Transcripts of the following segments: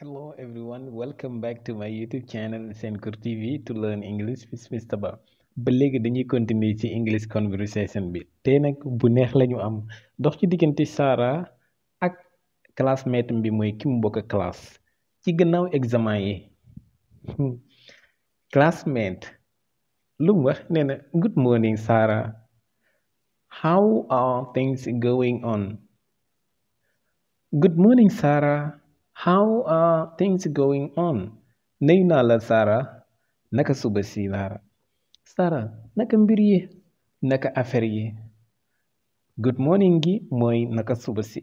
Hello everyone, welcome back to my YouTube channel Senkur TV to learn English with Mr. Ba. ba léegi dañuy continuer ci English conversation bi tey nag bu neex lañu am dox ci diggante saara ak classmate bi mooy ki mu bokk classe ci gannaaw examen yi hmm. classmate lu mu wax nee na good morning Sara how are things going on good morning Sara how are things going on nuyu naa la Sara naka suba si Sara Sara naka mbir yi naka affaire yi good morning gi mooy naka suba si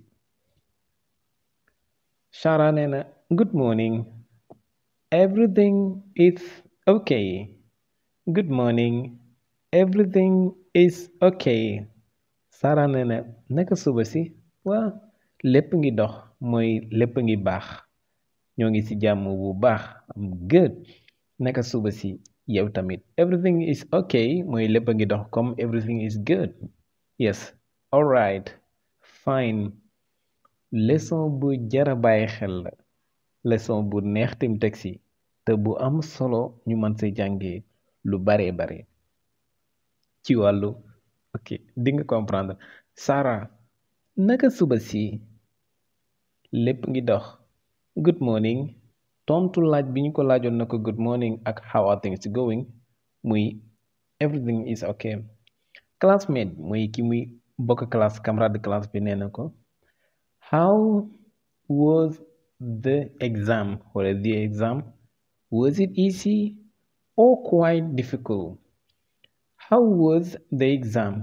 Sara nee good morning everything is okay good morning everything is okay Sara nee naka suba si waa lépp ngi dox. mooy lépp a ngi baax ñoo ngi ci jàmm bu baax am good naka suba si yow tamit everything is okay mooy lépp a ngi dox comme everything is good yes all right fine leçon bu jara bàyyi xel la leçon bu neex tim teg si te bu am solo ñu mën see jàngee lu bare bare ci wàllu ok di nga comprendre Sara naka suba si lépp ngi dox good morning tontu laaj bi ñu ko laajoon na ko good morning ak how are things going muy everything is okay classmate mooy ki muy bokk classe camarade de classe bi nee na ko how was the exam wala the exam was it easy or quite difficult how was the exam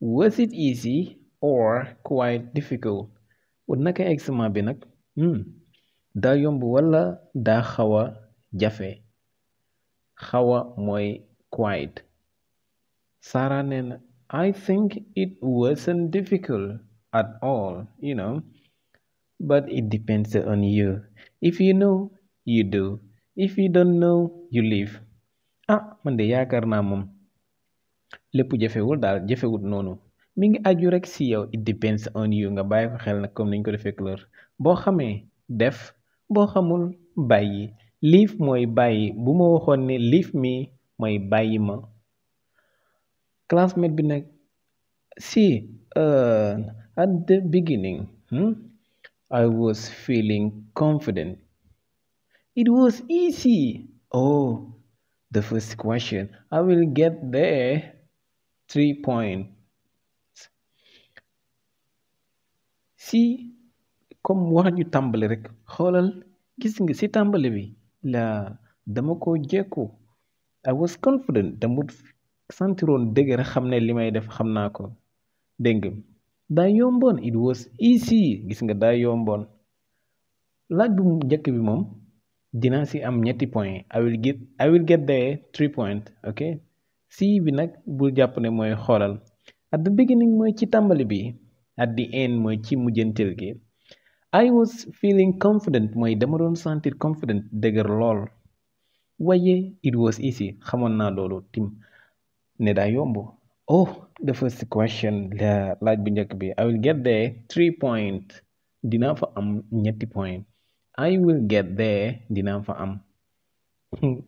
was it easy or quite difficult naka eczéma bi nag hmm. daa yomb wala daa xaw jafe xaw a mooy quite Sarah nee na I think it wasn't difficult at all you know but it depends on you if you know you do if you don't know you leave ah man de yaakaar naa moom lépp jafewul daal jafewut noonu mi ngi aju rek si yow it depends on you nga bàyyi ko xel nag comme niñ ko defee couleur boo xamee def boo xamul bàyyi leave mooy bàyyi bu ma waxoon ne leave mi mooy bàyyi ma classmate bi nag si uh, at the beginning hmm, I was feeling confident it was easy oh the first question I will get there three point si comme wax ñu tàmbali rek xoolal gis nga si tàmbali bi la dama ko jekku I was confident dama santiroon dëgg rek xam ne li may def xam naa ko dégg nga daa yomboon it was easy gis nga daa yomboon laaj njëkk bi moom dinaa si am ñetti point I will get I will get three point ok si bi nag bul jàpp ne mooy xoolal at the beginning mooy ci tàmbali bi at the end mooy ci mujjantel gi I was feeling confident mooy dama doon sentir confident dëgër lool waaye it was easy xamoon naa loolu tim ne daa yomb oh the first question laaj bi njëkk bi I will get there three point dinaa fa am ñetti point I fa am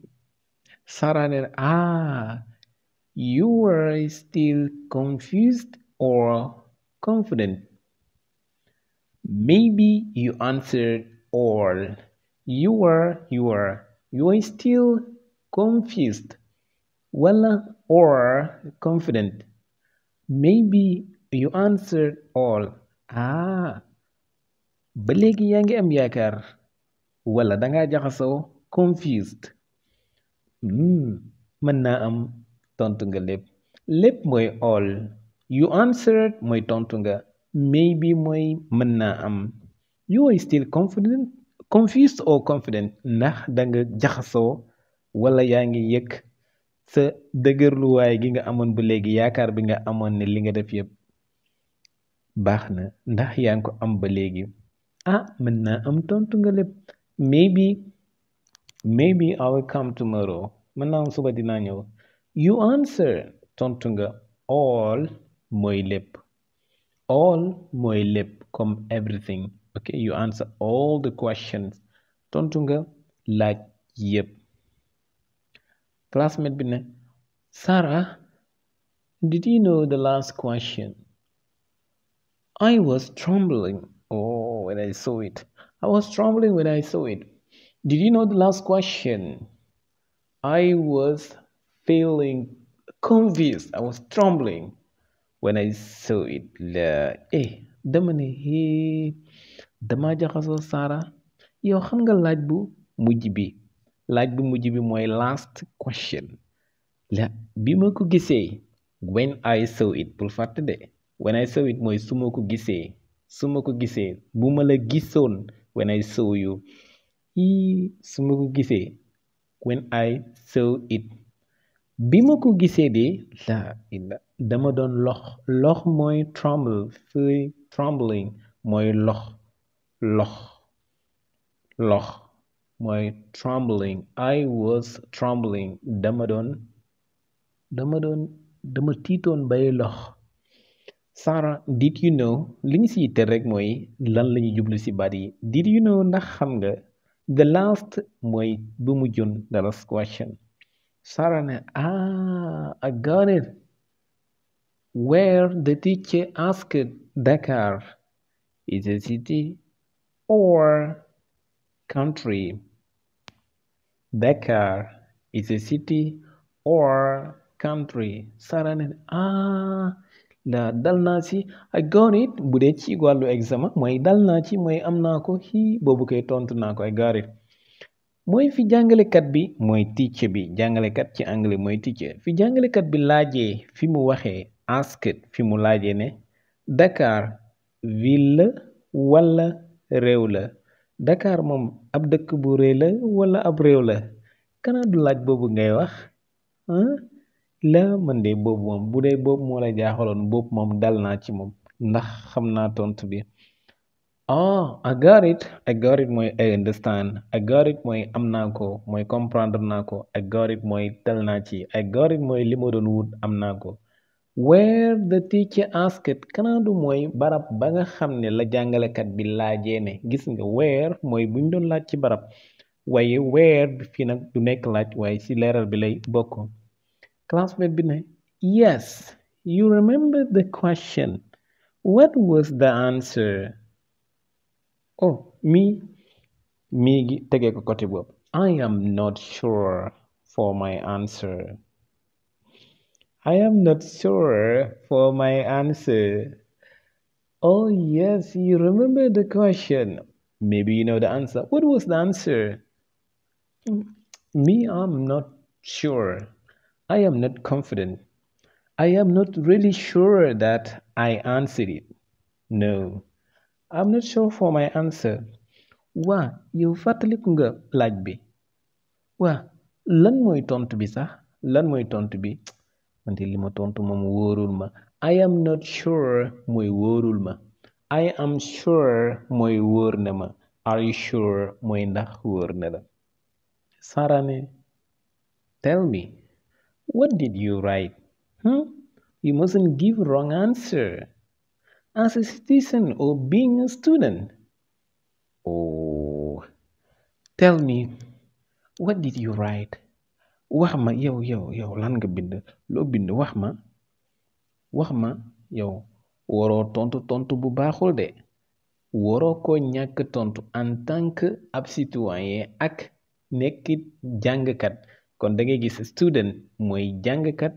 Sarah ne ah you were still confused confident. Maybe you answered all. You were, you were, you are still confused. Well, or confident. Maybe you answered all. Ah, ba léegi yaa ngi am yaakaar wala danga jaxasoo confused hmm, mën na am tontu nga lépp lépp mooy all you answered mooy tontu nga bi mooy mën naa am you are still confident confused or confident ndax da nga jaxasoo wala yaa ngi yëg sa dëgërluwaay gi nga amoon ba léegi yaakaar bi nga amoon ne li nga def yëpp baax na ndax yaa ngi ko am ba léegi ah mën naa am tontu nga lépp bi maybe I will come tomorrow mën naa am suba dinaa ñëw you answer tontu nga all moy lépp all mooy lépp comme everything you answer all the questions tontu nga laaj yëpp classmate bi ne Sarah did you know the last question I was trembling oh when I saw it I was trembling when I saw it did you know the last question I was feeling confused I was trembling when I saw it la eh, dama ne eh dama jaxasoo Sara yow xam nga laaj bu mujj bi laaj bu mujj bi mooy last question la bi ma ko gisee when I saw it bul fàtte de when I saw it mooy suma ko gisee su ma ko gisee bu ma la gisoon when I saw you ii su ko gisee when I saw it bi ma ko gisee de la illa dama doon lox lox mooy tremble fuy trembling mooy lox lox lox mooy trembling I was trembling dama doon dama doon dama tiitoon bay lox Sarah did you know li ñu siy tër rek mooy lan la ñu jublu si baat yi did you know ndax xam nga the last mooy bu mujjoon the last question Sarah ne ah I got where the teacher asked Dakar is a city or country. Dakar is a or country. Sara ne ah, dal naa ci I got it bu dee ci wàllu examen mooy dal naa ci mooy am naa ko hi boobu koy tontu naa ko I got it mooy fi jàngalekat bi mooy teacher bi jàngalekat ci anglais mooy teacher fi jàngalekat bi laajee fi mu waxee. asket fi mu laajee ne Dakar ville la wala réew la dakaar moom ab dëkk bu rëy la wala ab réew la kanaa laaj boobu ngay wax la man de boobu moom bu dee boobu moo la jaaxaloon boobu moom dal naa ci moom ndax xam naa tontu bi ah I got it I got mooy I understand I got it mooy am naa ko mooy comprendre naa ko I got it mooy dal naa ci ay got it mooy li doon wut am naa ko where the teacher asked kanaadu mooy barab ba nga xam ne la jàngalekat bi laajee ne gis nga where mooy buñ doon laaj ci barab waaye where bi fii nag du nekk laaj waaye ci leeral bi lay bokk classmate bi ne yes you remember the question what was the answer oh mii mii gi tegee ko côté boobu I am not sure for my answer I am not sure for my answer. Oh, yes, you remember the question. Maybe you know the answer. What was the answer? Mm. Me, I'm not sure. I am not confident. I am not really sure that I answered it. No, I'm not sure for my answer. waa yow fàttaliku nga laaj bi waa lan mooy tontu bi sax lan mooy tontu bi wante li ma tontu moom wóorul ma I am not sure mooy wóorul ma I am sure mooy wóor na ma are you sure mooy ndax wóor na la Sara ne tell me what did you write hmm? you mustn't give wrong answer as a citizen or being a student oh tell me what did you write wax ma yow yow yow lan nga bind loo bind wax ma wax ma yow waroo tontu tontu bu baaxul de waroo ko ñàkk tontu en tant que ab citoyen ak nekkit jàngkat kon dangay ngay gis student mooy jàngkat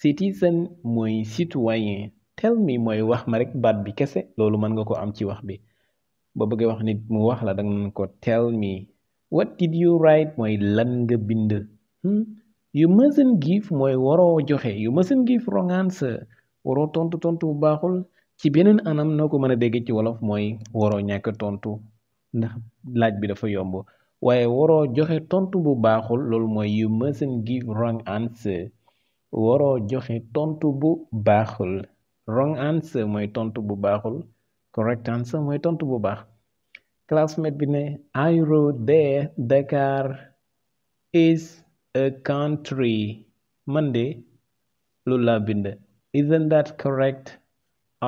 citizen mooy citoyen tell me mooy wax ma rek baat bi kese loolu mën nga ko am ci wax bi ba bëggee wax nit mu wax la danga nan ko tell me what did you write mooy lan nga bind Hmm? you mustn't give mooy waroo joxe you mustn't give wrong answer waroo tontu tontu bu baaxul ci beneen anam noo ko mën a dégg ci wolof mooy waroo ñàkk tontu ndax laaj bi dafa yomb waaye waroo joxe tontu bu baaxul loolu mooy you mustn't give wrong answer waroo joxe tontu bu baaxul wrong answer mooy tontu bu baaxul correct answer mooy tontu bu baax classmate bi ne I wrote Dakar is. a country man de loolu laa bind isn't that correct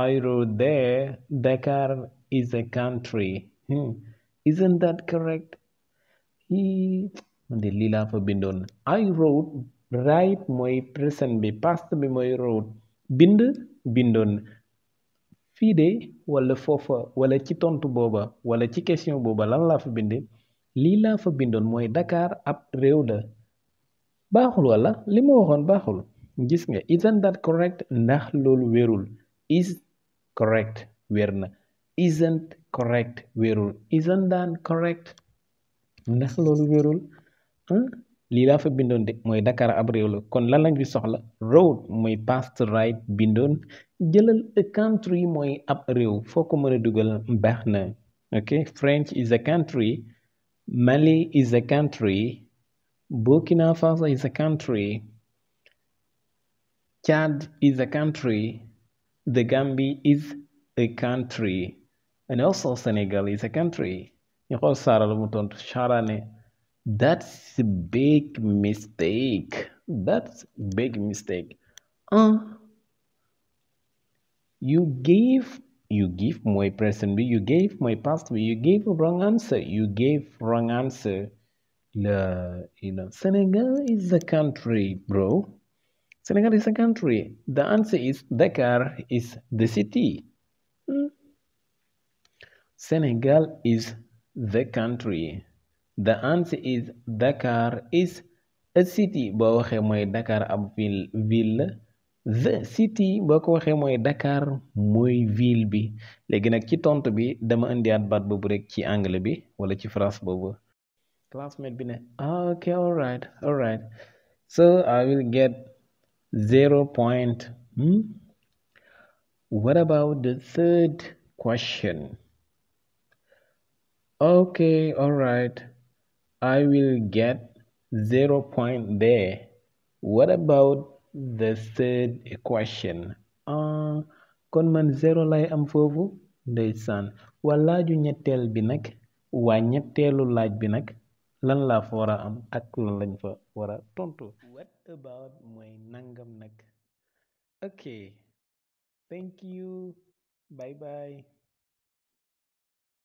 I wrote there Dakar is a country hmm. isn't that correct He... man de lii laa fa bindoon I wrote write mooy present bi past bi mooy wrote bind bindoon fii de wala foofa wala ci tontu booba wala ci question booba lan laa fa bind lii laa fa bindoon mooy dakaar ab réew la baaxul wala li ma waxoon baaxul gis nga isn't that correct ndax loolu wérul is correct na isn't correct wérul isn't that correct ndax loolu wérul hmm? lii laa fa bindoon de mooy Dakar ab réew la kon lan lañ fi soxla road mooy past right bindoon jëlal a country mooy ab réew foo ko mën a dugal baax na ok French is a country Mali is a country Burkina Faso is a country. Chad is a country. The Gambia is a country. And also Senegal is a country. ñu xool Sara lu mu tontu Sara ne that's a big mistake that's a big mistake ah you give mooy present bi you gave mooy past bi you gave wrong answer you La ilaha. Senegal is a country, bro. Senegal is a country. The answer is Dakar is the city. Hmm? Senegal is the country. The answer is Dakar is a city. Boo waxee mooy Dakar ab ville ville the city boo ko waxee mooy Dakar mooy ville bi léegi nag ci tontu bi dama indiwaat baat boobu rek ci anglais bi wala ci France boobu. classmate bi na ah, ok all right all right so I will get zero point hmm? what about the third question okay all right I will get zero point there what about the third question ah, kon man zero lay am foofu ndeysaan waa laaju ñetteel bi nag waa ñetteelu laaj bi nag lan laa fa war a am ak lan fa war a tontu what about mooy nangam nag ok thank you bye bye